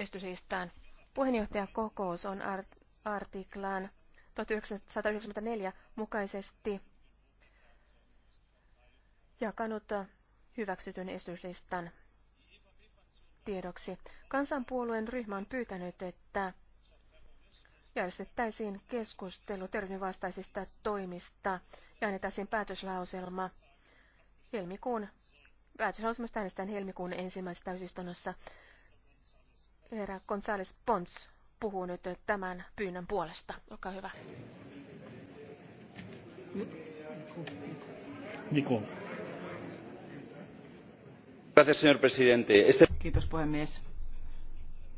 estysistään. kokous on artiklaan 1994 mukaisesti jakanut hyväksytyn esityslistan tiedoksi. Kansanpuolueen ryhmä on pyytänyt, että järjestettäisiin keskustelu terrorismin toimista ja annettaisiin päätöslauselma helmikuun päätöslauselmasta äänestetään helmikuun ensimmäisessä täysistunnossa. Herra González Pons puhuu nyt tämän pyynnön puolesta. Olkaa hyvä. Niko. Kiitos puhemies.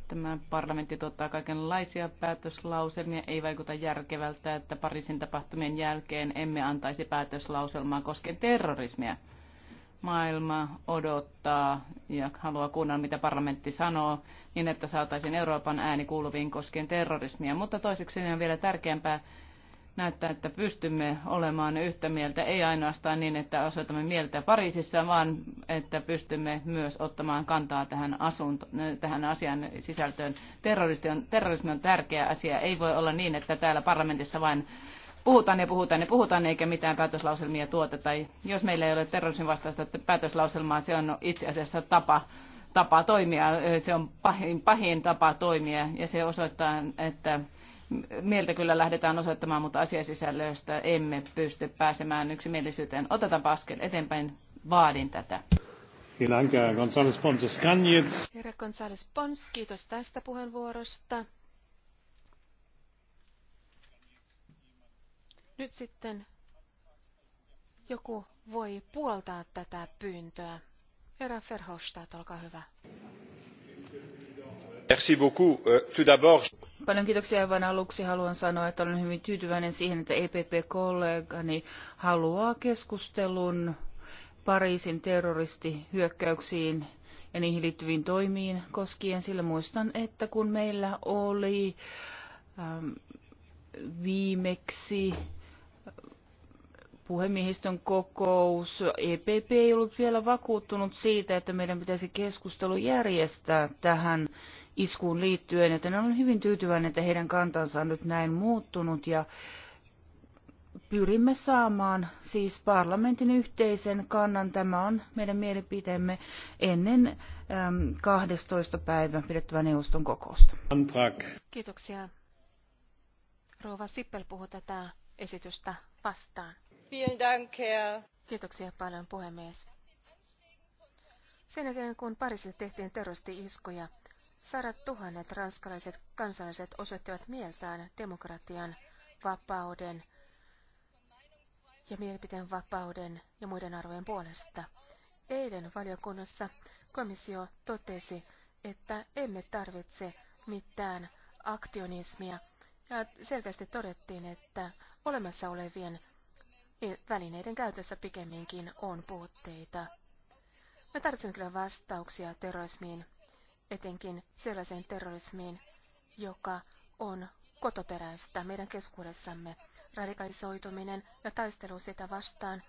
Tämä parlamentti tuottaa kaikenlaisia päätöslauselmia. Ei vaikuta järkevältä, että Pariisin tapahtumien jälkeen emme antaisi päätöslauselmaa koskien terrorismia maailma odottaa ja haluaa kuunnella, mitä parlamentti sanoo, niin että saataisiin Euroopan ääni kuuluviin koskien terrorismia. Mutta toiseksi on vielä tärkeämpää näyttää, että pystymme olemaan yhtä mieltä, ei ainoastaan niin, että osoitamme mieltä Pariisissa, vaan että pystymme myös ottamaan kantaa tähän, asunto, tähän asian sisältöön. Terrorismi on, terrorismi on tärkeä asia. Ei voi olla niin, että täällä parlamentissa vain puhutaan ja puhutaan ja puhutaan, eikä mitään päätöslauselmia tuoteta. Jos meillä ei ole terrorismin vastaista päätöslauselmaa, se on itse asiassa tapa, tapa toimia. Se on pahin, pahin tapa toimia ja se osoittaa, että mieltä kyllä lähdetään osoittamaan, mutta asiasisällöstä emme pysty pääsemään yksimielisyyteen. Otetaan askel eteenpäin. Vaadin tätä. Herra González Pons, kiitos tästä puheenvuorosta. Nyt sitten joku voi puoltaa tätä pyyntöä. Herra Verhofstadt, olkaa hyvä. Merci beaucoup. Euh, tout d'abord... Paljon kiitoksia aivan aluksi. Haluan sanoa, että olen hyvin tyytyväinen siihen, että EPP-kollegani haluaa keskustelun Pariisin terroristihyökkäyksiin ja niihin liittyviin toimiin koskien, sillä muistan, että kun meillä oli ähm, viimeksi puhemiehistön kokous. EPP ei ollut vielä vakuuttunut siitä, että meidän pitäisi keskustelu järjestää tähän iskuun liittyen, joten olen hyvin tyytyväinen, että heidän kantansa on nyt näin muuttunut ja pyrimme saamaan siis parlamentin yhteisen kannan. Tämä on meidän mielipiteemme ennen 12. päivän pidettävää neuvoston kokousta. Antrak. Kiitoksia. Rouva Sippel puhuu tätä esitystä vastaan. Kiitoksia paljon puhemies. Sen jälkeen kun Pariisille tehtiin terroristi-iskuja, sadat tuhannet ranskalaiset kansalaiset osoittivat mieltään demokratian, vapauden ja mielipiteen vapauden ja muiden arvojen puolesta. Eilen valiokunnassa komissio totesi, että emme tarvitse mitään aktionismia ja selkeästi todettiin, että olemassa olevien välineiden käytössä pikemminkin on puutteita. Me tarvitsemme kyllä vastauksia terrorismiin, etenkin sellaiseen terrorismiin, joka on kotoperäistä meidän keskuudessamme. Radikalisoituminen ja taistelu sitä vastaan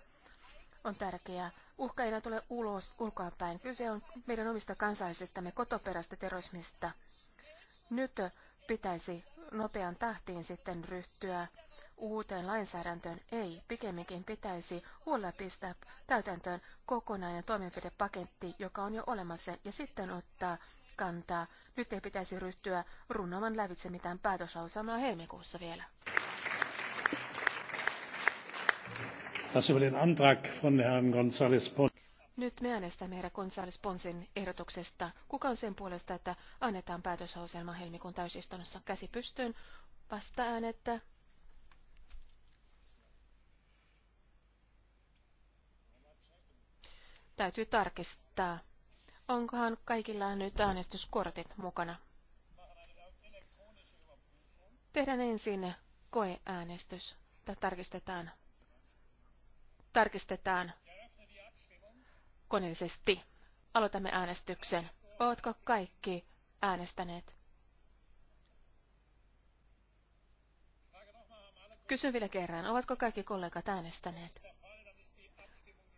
on tärkeää. Uhka ei tule ulos ulkoapäin. Kyse on meidän omista kansallisistamme kotoperäistä terrorismista. Nyt pitäisi nopean tahtiin sitten ryhtyä uuteen lainsäädäntöön. Ei, pikemminkin pitäisi huolella pistää täytäntöön kokonainen toimenpidepaketti, joka on jo olemassa, ja sitten ottaa kantaa. Nyt ei pitäisi ryhtyä runnoman lävitse mitään päätöslausamaa helmikuussa vielä. Das über den Antrag von Herrn González nyt me äänestämme herra Gonzales Ponsin ehdotuksesta. Kuka on sen puolesta, että annetaan päätösohjelma helmikuun täysistunnossa käsi pystyyn? Vasta äänettä. Täytyy tarkistaa. Onkohan kaikilla nyt äänestyskortit mukana? Tehdään ensin koeäänestys. tarkistetaan. Tarkistetaan koneellisesti. Aloitamme äänestyksen. Ootko kaikki äänestäneet? Kysyn vielä kerran, ovatko kaikki kollegat äänestäneet?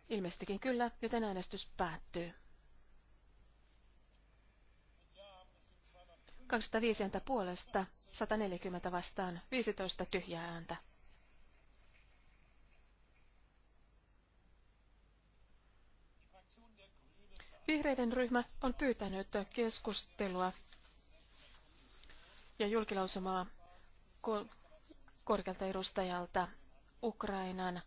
Ilmeisestikin kyllä, joten äänestys päättyy. 205 ääntä puolesta, 140 vastaan, 15 tyhjää ääntä. Vihreiden ryhmä on pyytänyt keskustelua ja julkilausumaa korkealta edustajalta Ukrainan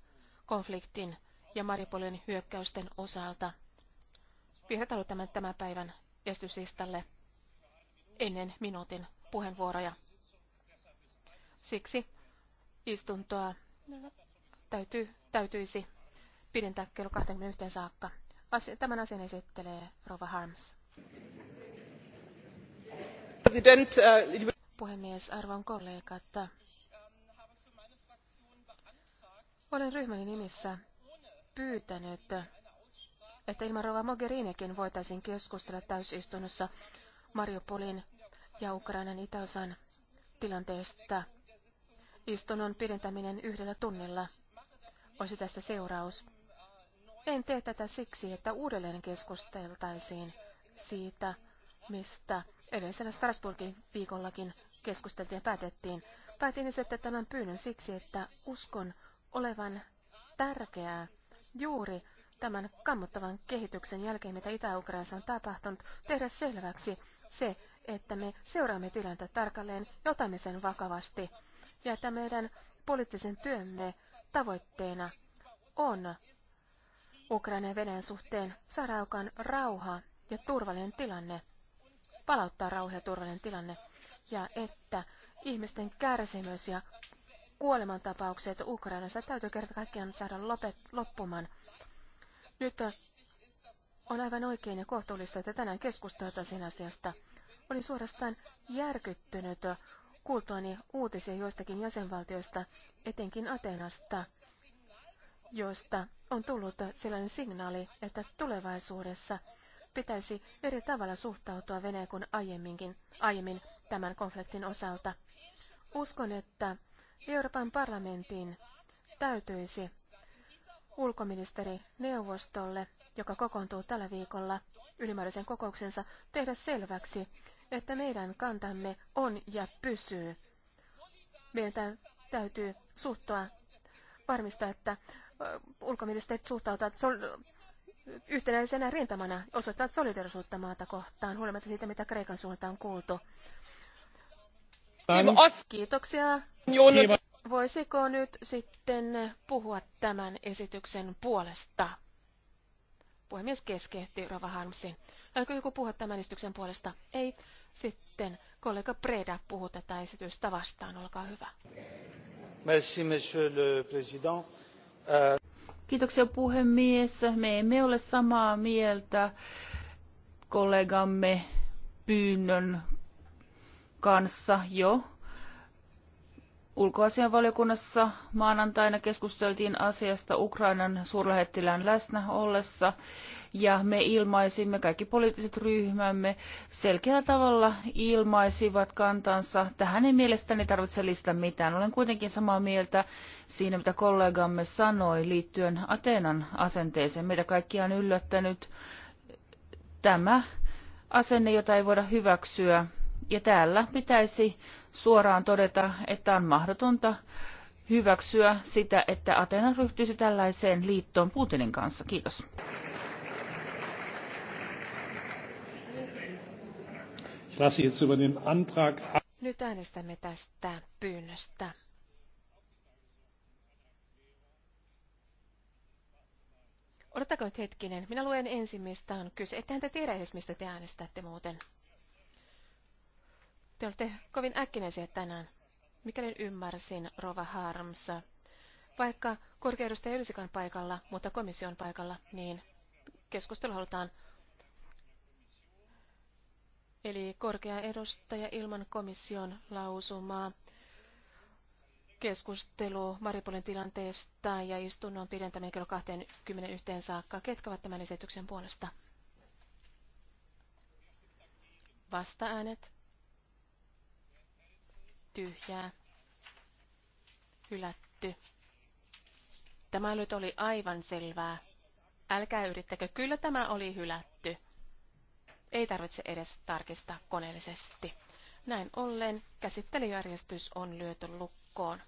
konfliktin ja Maripolin hyökkäysten osalta. Vihreät haluavat tämän, tämän päivän esityslistalle ennen minuutin puheenvuoroja. Siksi istuntoa täytyy, täytyisi pidentää kello 21 saakka tämän asian esittelee Rova Harms. Äh, Puhemies, arvon kollegat. Olen ryhmäni nimissä pyytänyt, että ilman Rova Mogherinikin voitaisiin keskustella täysistunnossa Mariupolin ja Ukrainan itäosan tilanteesta. Istunnon pidentäminen yhdellä tunnilla olisi tästä seuraus. En tee tätä siksi, että uudelleen keskusteltaisiin siitä, mistä edellisellä Strasbourgin viikollakin keskusteltiin ja päätettiin. Päätin esittää siis, tämän pyynnön siksi, että uskon olevan tärkeää juuri tämän kammottavan kehityksen jälkeen, mitä Itä-Ukrainassa on tapahtunut, tehdä selväksi se, että me seuraamme tilannetta tarkalleen ja otamme sen vakavasti, ja että meidän poliittisen työmme tavoitteena on Ukraina ja Venäjän suhteen, saada aikaan rauha ja turvallinen tilanne, palauttaa rauha ja turvallinen tilanne, ja että ihmisten kärsimys ja kuolemantapaukset Ukrainassa täytyy kerta kaikkiaan saada lopet, loppumaan. Nyt on aivan oikein ja kohtuullista, että tänään keskusteltaisiin asiasta. Olin suorastaan järkyttynyt kuultuani uutisia joistakin jäsenvaltioista, etenkin Atenasta, joista on tullut sellainen signaali, että tulevaisuudessa pitäisi eri tavalla suhtautua veneen kuin aiemminkin, aiemmin tämän konfliktin osalta. Uskon, että Euroopan parlamentin täytyisi ulkoministeri Neuvostolle, joka kokoontuu tällä viikolla ylimääräisen kokouksensa, tehdä selväksi, että meidän kantamme on ja pysyy. Meidän täytyy suhtua varmistaa, että ulkoministerit suhtautuvat sol- yhtenäisenä rintamana osoittaa solidarisuutta maata kohtaan, huolimatta siitä, mitä Kreikan suunta on kuultu. Kiitoksia. Voisiko nyt sitten puhua tämän esityksen puolesta? Puhemies keskeytti Rova Harmsin. Haluatko joku puhua tämän esityksen puolesta? Ei. Sitten kollega Preda puhuu tätä esitystä vastaan. Olkaa hyvä. Euh, Kiitoksia puhemies. Me emme ole samaa mieltä kollegamme pyynnön kanssa jo Ulkoasianvaliokunnassa maanantaina keskusteltiin asiasta Ukrainan suurlähettilään läsnä ollessa ja me ilmaisimme, kaikki poliittiset ryhmämme selkeällä tavalla ilmaisivat kantansa. Tähän ei mielestäni tarvitse lisätä mitään. Olen kuitenkin samaa mieltä siinä, mitä kollegamme sanoi liittyen Ateenan asenteeseen. Meitä kaikkia on yllättänyt tämä asenne, jota ei voida hyväksyä ja täällä pitäisi suoraan todeta, että on mahdotonta hyväksyä sitä, että Atena ryhtyisi tällaiseen liittoon Putinin kanssa. Kiitos. Nyt äänestämme tästä pyynnöstä. Odottakaa nyt hetkinen. Minä luen ensimmäistä on Ettehän te tiedä edes, mistä te äänestätte muuten. Te olette kovin äkkinäisiä tänään, mikäli ymmärsin Rova Harmsa. Vaikka korkea ei olisikaan paikalla, mutta komission paikalla, niin keskustelu halutaan. Eli korkea edustaja ilman komission lausumaa keskustelu Maripolin tilanteesta ja istunnon pidentäminen kello 21 saakka. Ketkä ovat tämän esityksen puolesta? Vasta äänet tyhjää, hylätty. Tämä nyt oli aivan selvää. Älkää yrittäkö, kyllä tämä oli hylätty. Ei tarvitse edes tarkistaa koneellisesti. Näin ollen käsittelyjärjestys on lyöty lukkoon.